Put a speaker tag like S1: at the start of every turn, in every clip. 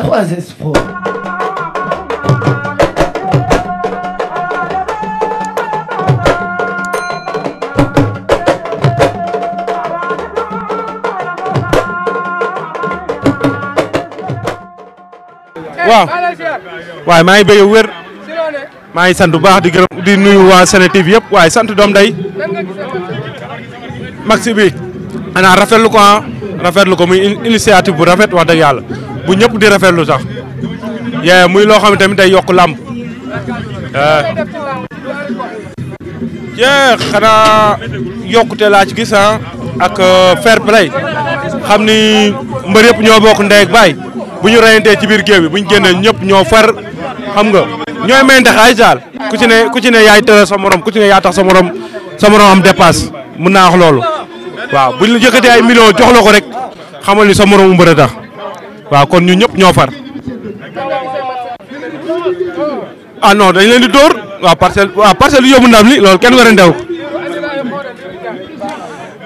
S1: 3S Pro.
S2: maa ngi bëgg wér maa ngi sant bu baax di gërëm di nuyu waa Sene TV yëpp waaye sant doom day max bi ana rafetlu ko ah rafetlu ko muy initiative bu rafet wax dëgg yàlla bu ñëpp di rafetlu sax yee muy loo xam ne tamit day yokk làmb yee xanaa yokkute laa ci gis ah, ak euh, fair play xam ni mbar yëpp ñoo bokk ndey ak bu ñu reyantee ci biir géew bi bu ñu génnee ñëpp ñoo far xam nga ñooy may ndax ay saal ku ci ne ku ci ne yaay tëral sa morom ku ci ne yaa tax sa morom am dépasse mën naa wax loolu waaw bu ñu la yëkkatee ay millions jox la ko rek xamal ni sa moromu mbër a waaw kon ñu ñëpp ñoo far. ah no dañ leen di dóor waa parcelle waaw parcelle yu yóbbu ndam li loolu kenn war a ndew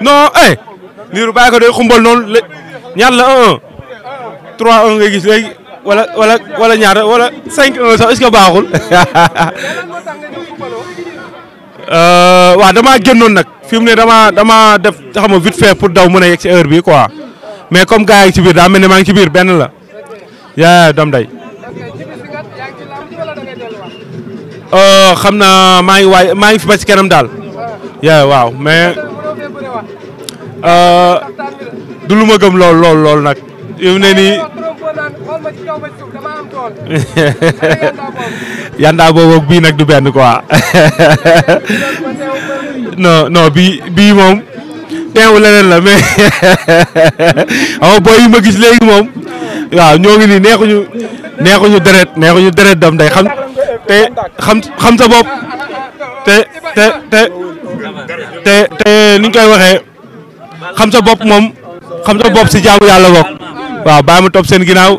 S2: non eh liiru ko day xumbal noonu la ñaar la 1 1 gis léegi wala wala wala ñaar wala 5 a sax est-ce baaxul euh, waaw damaa génnoon nag fi mu ne damaa damaa def xam a vite fait pour daw mën a yegg si heure bi quoi mais comme gars ci biir daa mel maa ngi ci biir benn la. yaa dam day euh, xam naa maa ngi waay maa ngi fi ba ci kanam daal. yaa waaw mais. Euh, du lu ma gëm lool lool lool nag. yow ne nii. yandaa boobu bii nag du benn quoi. non non bii bii moom. teew leneen la mais xaw booy yi ma gis léegi moom waaw ñoo ngi nii neexuñu neexuñu deret neexuñu deret dam day xam te xam xam sa bopp te te te te te ni ñu koy waxee xam sa bopp moom xam sa bopp si jaamu yàlla bokk waaw bàyyi ma topp seen ginnaaw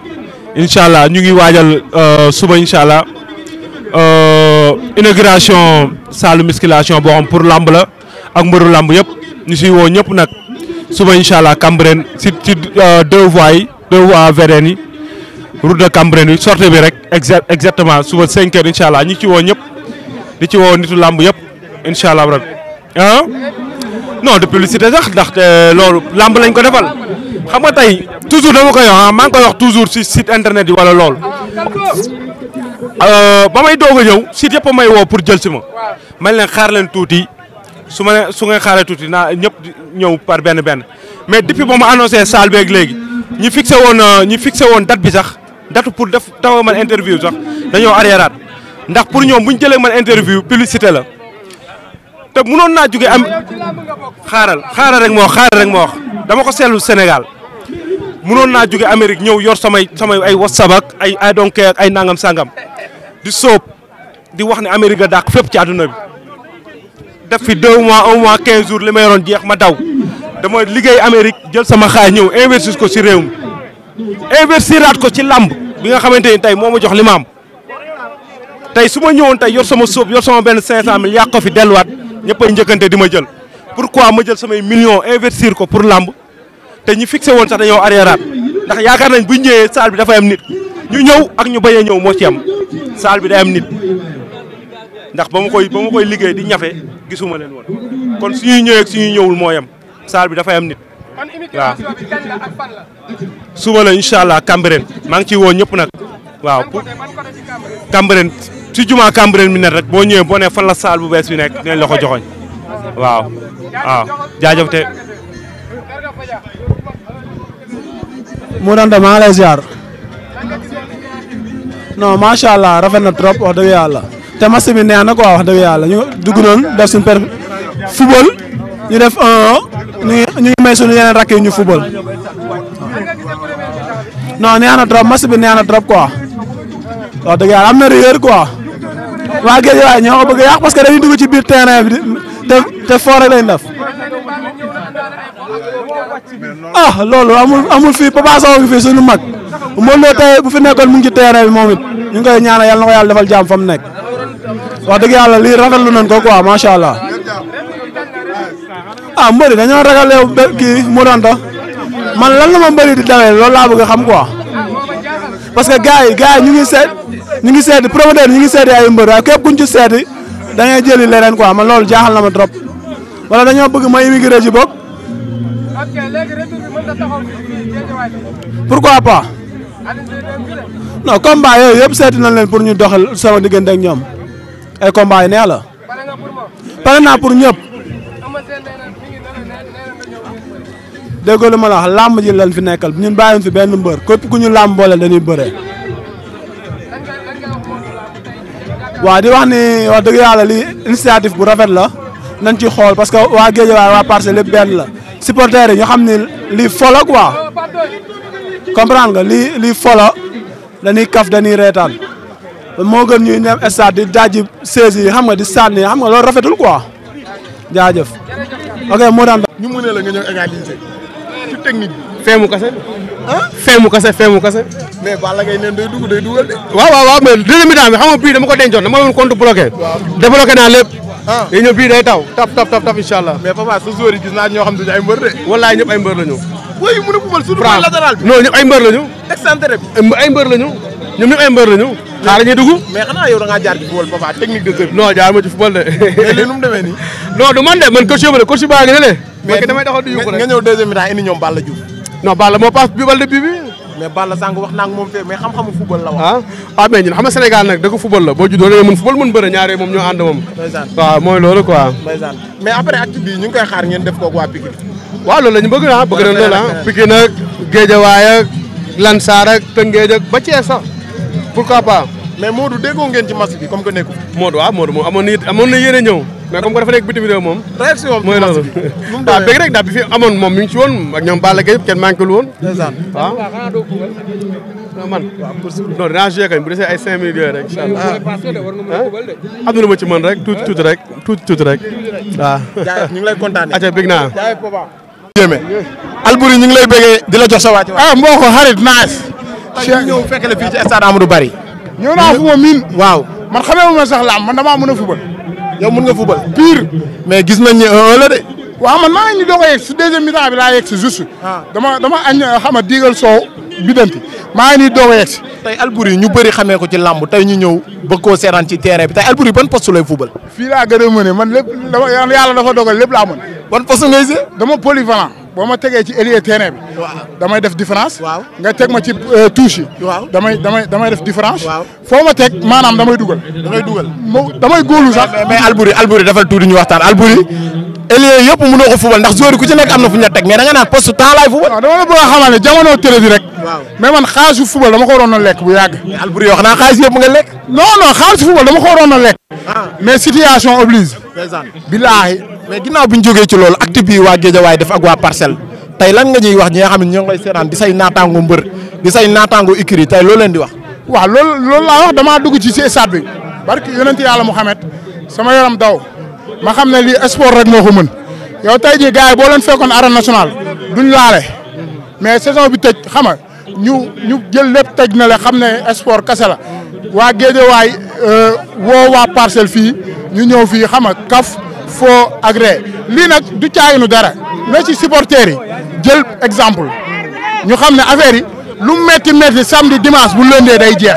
S2: incha allah ñu ngi waajal euh, suba incha allah euh, inauguration salle musculation boo xam pour làmb la ak mbëru làmb yëpp ñu siy woo ñëpp nag suba incha allah Cambérène si ci euh, deux voies yi deux voies VDN yi route de Cambérène yi sortie bi rek exactement suba cinq heures incha allah ñi ci woo ñëpp di ci woo nitu làmb yëpp incha allah rek ah non de publicité sax ndaxte euh, loolu làmb lañ ko defal xam nga tey toujours dama koy wax ah, maa ngi koy wax toujours si sit internet yi wala loolu. Euh, ba may doog a ñëw site yëpp may woo pour jël si ma. man leen xaar leen tuuti. su ma ne su ngeen xaaree tuuti naa ñëpp ñëw par benn benn mais depuis ba mu annoncé salle beeg léegi ñi fixé woon ñi fixé woon date bi sax date pour def taw man interview sax dañoo arriéraat ndax pour ñoom bu ñu jëlee man interview publicité la te mënoon naa jóge am xaaral xaaral rek ma wax xaaral rek wax dama ko seetlu Sénégal mënoon naa jóge Amérique ñëw yor samay samay ay whatsapp ak ay ay ay nangam sangam di soob di wax ne Amérique a dàq fépp ci àdduna bi. def fi deux mois un mois quinze jours li ma yoroon jeex ma daw dama liggéey Amérique jël sama xaay ñëw investir ko si réew mi investiraat ko ci làmb bi nga xamante ni tey moo ma jox li ma am tey su ma ñëwoon tey yor sama sóob yor sama benn cinq cent mille yàq ko fi delluwaat ñëpp ay njëkkante di ma jël pour quoi ma jël samay million investir ko pour làmb te ñu fixé woon sax dañoo arriéraat ndax yaakaar nañ bu ñëwee salle bi dafay am nit ñu ñëw ak ñu bañ a ñëw moo ci am salle bi day am nit ndax ba mu koy ba koy liggéey di ñafe gisuma leen woon kon suñuy ñëwee ak suñuy ñëwul moo yem saal bi dafa am nit waaw suba allah Cambérène maa ngi ciy woo ñëpp nag waaw pour Cambérène si jumaa Cambérène mi ne rek boo ñëwee boo fan la saal bu bees bi nekk dinañ la ko joxoñ waaw waaw jaajëf te mu
S3: danta maa ngi lay allah rafet na trop wax dëgg yàlla te match bi neex na quoi wax dëgg yàlla ñu dugg noonu def suñu per football ñu def ñu ngi ñu ngi may suñu yeneen rakk yi ñu football non neex na trop match bi neex na trop quoi wax dëgg yàlla am na rigueur quoi waa géej waaye ñoo ko bëgg yàq parce que dañuy dugg ci biir terrain bi te te fort rek lañ def ah loolu amul amul fii Papa Sow ngi mag Modou Lô tey bu fi nekkoon mu ngi ci terrain bi moom it ñu ngi koy ñaanal yàlla na ko yàlla defal jàmm fa nekk. wax dëgg yàlla lii rafetlu nañ ko quoi macha allah ah mbëri dañoo ragaleew be kii Modou Anta lan la ma mbëri di dawee loolu laa bëgg xam quoi parce que gars yi gars yi ñu ngi seet ñu ngi seeti promoteur ñu ngi seeti ay mbër waaye képp kuñ ci seeti da ngay jëli leneen quoi man loolu jaaxal na ma trop wala dañoo bëgg ma immigré ji bokk pourquoi pas non combat yooyu yëpp seet nañ leen pour ñu doxal sama diggante ak ñoom. ay combat la. pare naa pour ñëpp. déggoo lu ma la wax làmb ji lañ fi nekkal ñun bàyyiwuñ fi benn mbër képp ku ñu làmb boole dañuy bëree. waa di wax ni wax dëgg yàlla li initiative bu rafet la nañ ci xool parce que waa géej waaye waa parcelle lépp benn la supporters yi ñu xam ni lii folo quoi comprendre nga lii lii folo dañuy kaf dañuy reetaan. moo gën ñuy nem stade di dajji seize yi xam nga di sànni xam nga loolu rafetul quoi jaajëf.
S1: ok moo daan.
S4: ñu mënee
S3: la nga ñëw égaliser
S4: ci technique bi. feemu kase. ah
S3: feemu kase feemu kase.
S4: mais Balla Gaye neen day dugg day dugal de. waaw waaw waaw mais deuxième mi-temps bi xam nga bii dama ko dencoon dama doon compte bloqué. waaw débloqué naa lépp. ah day ñëw bii day taw tap tap tap tap incha allah. mais papa sa joueur yi gis naa ñoo xam duñu ay mbër de. walaay ñëpp ay mbër la ñu. booy yu mën a fubal. suñu latéral bi non ñëpp ay mbër la ñu. excentré bi ay mbër la ñu ñoom ñëpp ay mbër la ñu xaar ñu dugg. mais jaar ma ci football de. mais du man de man coach ma de coach baa ngi ne de. mais damay doxal di yuuxu rek nga ñëw deuxième mi-temps indi ñoom Balla Diouf. non Balla moo paas bi Balla bi bi. mais Balla sànq wax naa moom fee mais xam-xamu football la wax. ah, ah ñun xam nga nag dëgg football la boo juddoo da mën football mën bëre ñaare moom ñoo ànd moom. waaw mooy loolu quoi. mais après acte bi ñu ngi koy xaar ngeen def kooku waa Pikine. waaw loolu la ñu bëgg naa ah. ba Thiès pourquoi pas mais Modou déggoo ngeen ci match bi comme que nekku Modou waaw Modou moom amoon na amoon na yéene ñëw mais comme que dafa nekk bitim réew moom réaction mooy loolu waaw bëgg rek daal bi fi amoon moom mi ngi ci woon man rek incha allah ah. na lu ma rek tuuti tuuti rek ñu ngi lay kontaane naa Alboury ñu ngi lay di la jox sa waaj ah mboo ko xarit tey ñu ñëw
S1: fekk la fii ci stade Amadou Barry. ñëw naa miin. waaw man xamee ma sax laam man damaa mën a fubal. yow mën nga fubal. pire. mais gis nañ ne un la de. waaw man maa ngi doog a yegg si laa yegg si ah. dama dama añ xam nga diigal soow bidanti maa ngi nii doog a yegg si. tey Alboury ñu bëri xamee ko ci làmb tey ñu ñëw bëgg koo seetaan ci terrain bi tey Alboury ban poste fubal. fii laa gën a mëne man lépp dama yàlla dafa dogal lépp laa mën. ban poste ngay see. dama polyvalent boo ma tegee ci ailier terrain bi. damay def différence. nga teg ma ci euh, touche yi. damay damay damay def différence. foo ma teg maanaam damay dugal. damay dugal damay góolu sax. mais mais Albouri Albouri dafal tuuti ñu waxtaan Albouri. ailier yëpp mënoo ko fubal ndax joueur ku ci nekk am na fu ñu la teg mais da nga naan poste temps laay fubal. dama la bëgg a xamal ne jamono tëre di rek. mais man xaalisu fubal dama ko waroon a lekk bu yàgg. mais Albouri yoo xam naa xaalis yëpp nga lekk. non non xaalisu ah. mais situation oblige. ndeysaan bilaahi mais ginnaaw bi ñu ci loolu acte bii waa Géejawaay def ak waa parcelle tey nga ñuy wax ñi nga xam ne ñoo ngi lay seetaan di say naataango mbër di say naataango écurie tey loo leen di wax waaw loolu loolu laa wax damaa dugg ci si stade bi barki yonent yàlla Muhammad sama yaram daw ma xam ne lii sport rek moo ko mën yow tey yi boo fekkoon arène nationale duñ mais saison bi tëj xam ñu jël lépp tëj na la xam ne sport kese la waa Géejawaay euh, woo ñu ñëw fii xam nga kaf foo agré lii nag du nu dara mais ci yi jël exemple ñu xam ne affaire yi lu metti metti samedi dimanche bu lëndee day jeex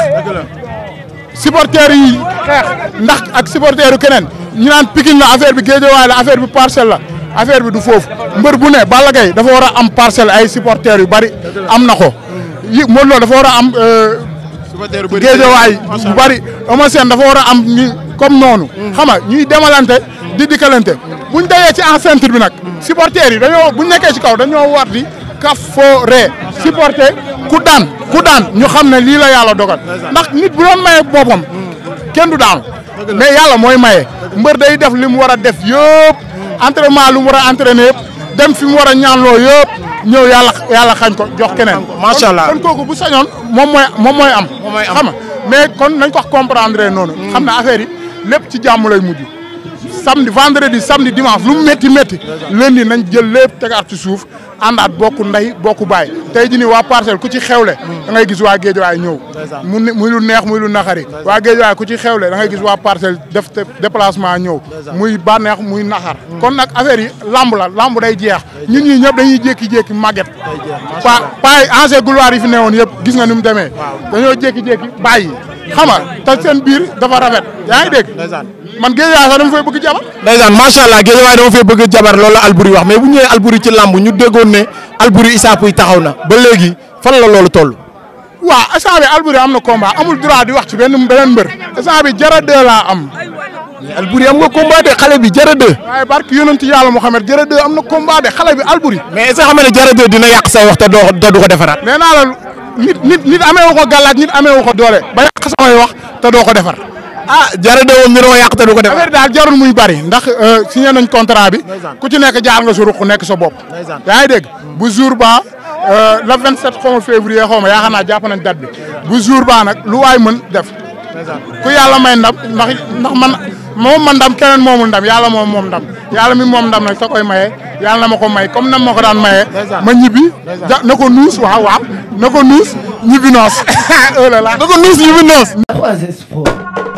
S1: supporters yi xeex ndax ak supporters keneen ñu naan Pikine la affaire bi Guédiawaye la affaire bi parcelle la affaire bi du foofu mbër bu ne Balla Gaye dafa war a am parcelle ay supporters yu bari am na ko yi Modou Lo dafa war a am euh, Guédiawaye bu bari Eumeu Sène dafa war a am comme noonu. xam ñuy demalante di dikkalante buñ dajee ci enceinte bi nag. supporters yi dañoo buñ nekkee ci kaw dañoo war di kafooree. supporter ku daan ku daan ñu xam ne lii la yàlla dogal. ndax nit bu doon maye boppam. kenn du daanu. mais yàlla mooy maye. mbër day def li mu war a def yëpp. entraînement lu mu war a entraîné yëpp. dem fi mu war a ñaanloo yëpp ñëw yàlla yàlla xañ ko jox keneen. macha allah kon kooku bu sañoon moom mooy moom mooy am. moom mooy am xam nga mais kon nañ ko comprendre noonu. xam na affaire yi. lépp ci jàmm lay mujj samedi vendredi samedi dimanche lu mu métti métti lundi nañ jël lépp tegaat ci suuf àndaat bokku ndey bokku baay tey ji nii waa parcelle ku ci xewle da ngay gis waa géejawaay ñëw mu muy lu neex muy lu naxari waa géejawaay ku ci xewle da ngay gis waa parcelle def déplacement ñëw muy bànneex muy naxar hmm. kon nag affaire yi lamb la lamb day jeex ñun ñi ñëpp dañuy jékki-jékki màgget pa paay ancien gloire yi fi newoon yëpp gis nga ni mu demee dañoo jékki-jékki bàyyi xam nga te seen biir dafa rafet yaa ngi dégg. man Géejawaay sax dama fay bëgg jabar. ndeysaan macha allah Géejawaay dama fay bëgg jabar loolu la Alboury wax mais bu ñëwee Alboury ci làmb ñu déggoon ne Alboury Issa Pouye taxaw na ba léegi fan la loolu toll. waaw instant bi am na combat amul droit di wax ci benn beneen mbër instant bi jara deux laa am. mais am nga combat de xale bi jara deux. waaye barke yonent yàlla Mouhamed jara deux am na combat de xale bi Alboury. mais est-ce que xam nga ne jara deux wax te doo du ko defaraat. nee naa nit nit nit ameewu ko gàllaaj nit ameewu ko doole ba yàq wax te doo ko defar. ah jarul de woon ñu doon yàq te ko defar. affaire daal jarul muy bari ndax euh, signé xa contrat bi. ku ci nekk jaar nga sa ruq nekk sa bopp. yaa ngi dégg bu jour ba euh, le 27 xaw ma xaw ma yaakaar naa jàpp nañ date bi ba nag lu waay mën def. ku yàlla may ndam ndax ndax man moom man ndam keneen moomul ndam yàlla moom moom ndam yàlla mi moom ndam nag sa koy maye yàlla na ma ko may comme nam moo ko daan maye. ma ñibbi ja na ko nuus waaw waaw na ko nuus ñibbi noos. oh là là na ko nuus ñibbi noos. 3S4.